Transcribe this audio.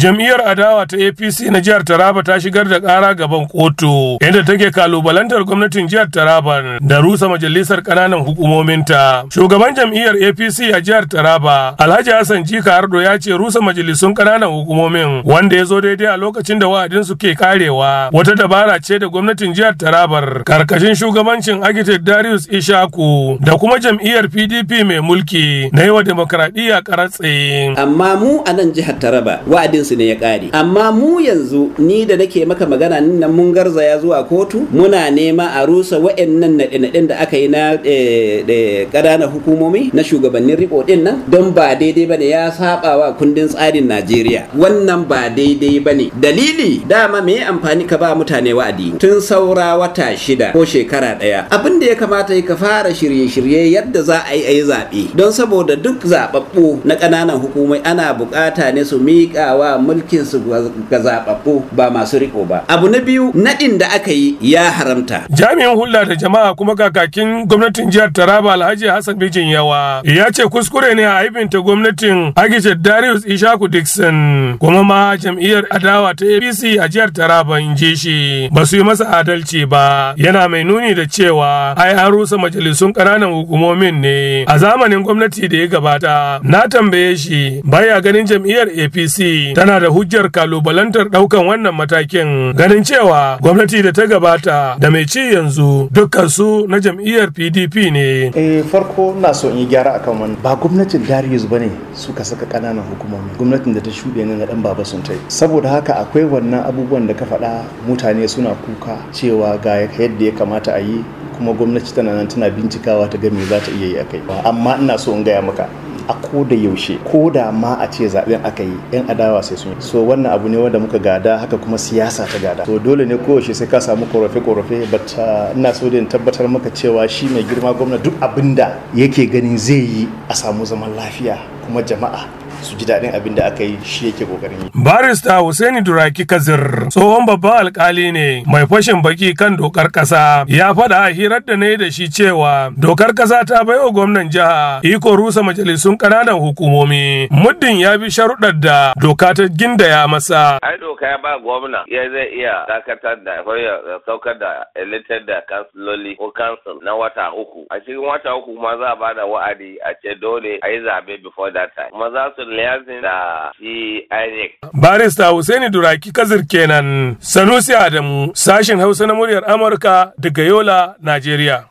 jam'iyyar adawa ta apc na jihar taraba ta shigar da ƙara gaban kotu inda take kalubalantar gwamnatin jihar taraba da rusa majalisar kananan hukumominta shugaban jam'iyyar apc a jihar taraba alhaji hassan jika Ardo ya ce rusa majalisun ƙananan hukumomin wanda ya zo daidai a lokacin da wa'adin su ke karewa wata dabara ce da gwamnatin jihar tarabar karkashin shugabancin architect darius ishaku da kuma jam'iyyar pdp mai mulki na yi wa demokradiyya karatse amma mu a nan jihar taraba wa'adin su ne ya kare amma mu yanzu ni da nake maka magana nan mun garzaya zuwa kotu muna nema a rusa wa'annan naɗe-naɗen da aka yi na eh, ƙananan hukumomi na shugabannin riko din nan don ba daidai bane ya saba wa kundin tsarin Najeriya wannan ba daidai bane dalili dama me amfani ka ba mutane wa'adi tun saura wata shida ko shekara ɗaya abin da ya kamata ka fara shirye-shirye yadda za a yi a yi zaɓe don saboda duk zaɓaɓɓu na ƙananan hukumai ana buƙata ne su miƙa wa mulkin su ga zababbu ba masu riko ba abu na biyu nadin da aka yi ya haramta jami'in hulɗa da jama'a kuma kakakin gwamnatin jihar Taraba Alhaji Hassan Bijin Yawa ya ce kuskure ne a aibinta gwamnatin Agisha Darius Ishaku Dixon kuma ma jam'iyyar adawa ta APC a jihar Taraba in ji shi ba su yi masa adalci ba yana mai nuni da cewa ai an rusa majalisun ƙananan hukumomin ne a zamanin gwamnati da ya gabata na tambaye shi baya ganin jam'iyyar APC tana kana da hujjar kalubalantar daukan wannan matakin ganin cewa gwamnati da ta gabata da mai ci yanzu dukkan su na jam'iyyar PDP ne. Eh farko na so in yi gyara akan wani ba gwamnatin Darius ba bane suka saka kananan hukumomi gwamnatin da ta shuɗe na ɗan baba sun tai saboda haka akwai wannan abubuwan da ka faɗa mutane suna kuka cewa ga yadda ya kamata a yi kuma gwamnati tana nan tana bincikawa ta ga me za ta iya yi a kai amma ina so in gaya maka a ko da yaushe ko da ma a ce zaben aka yi yan adawa sai sun yi so wannan abu ne wanda muka gada haka kuma siyasa ta gada to dole ne koyaushe sai ka samu korafe korafe but uh, ina so da in tabbatar maka cewa shi mai girma gwamna duk abinda yake ganin zai yi a samu zaman lafiya kuma jama'a su ji daɗin abin da aka yi shi yake kokarin yi. Barista Hussaini Duraki Kazir tsohon babban alƙali ne mai fashin baki kan dokar ƙasa, ya faɗa a hirar da na yi da shi cewa dokar ƙasa ta baiwa gwamnan jiha iko rusa majalisun ƙananan hukumomi muddin ya bi sharuɗar da doka ta gindaya masa. doka ya ba gwamna ya zai iya dakatar da ya saukar da elected da kansiloli ko kansil na wata uku a cikin wata uku kuma za a ba da wa'adi a ce dole a yi zabe before that time kuma za su liyazin da shi INEC. barista Hussaini Duraki Kazir kenan Sanusi Adamu sashen Hausa na muryar Amurka daga Yola Najeriya.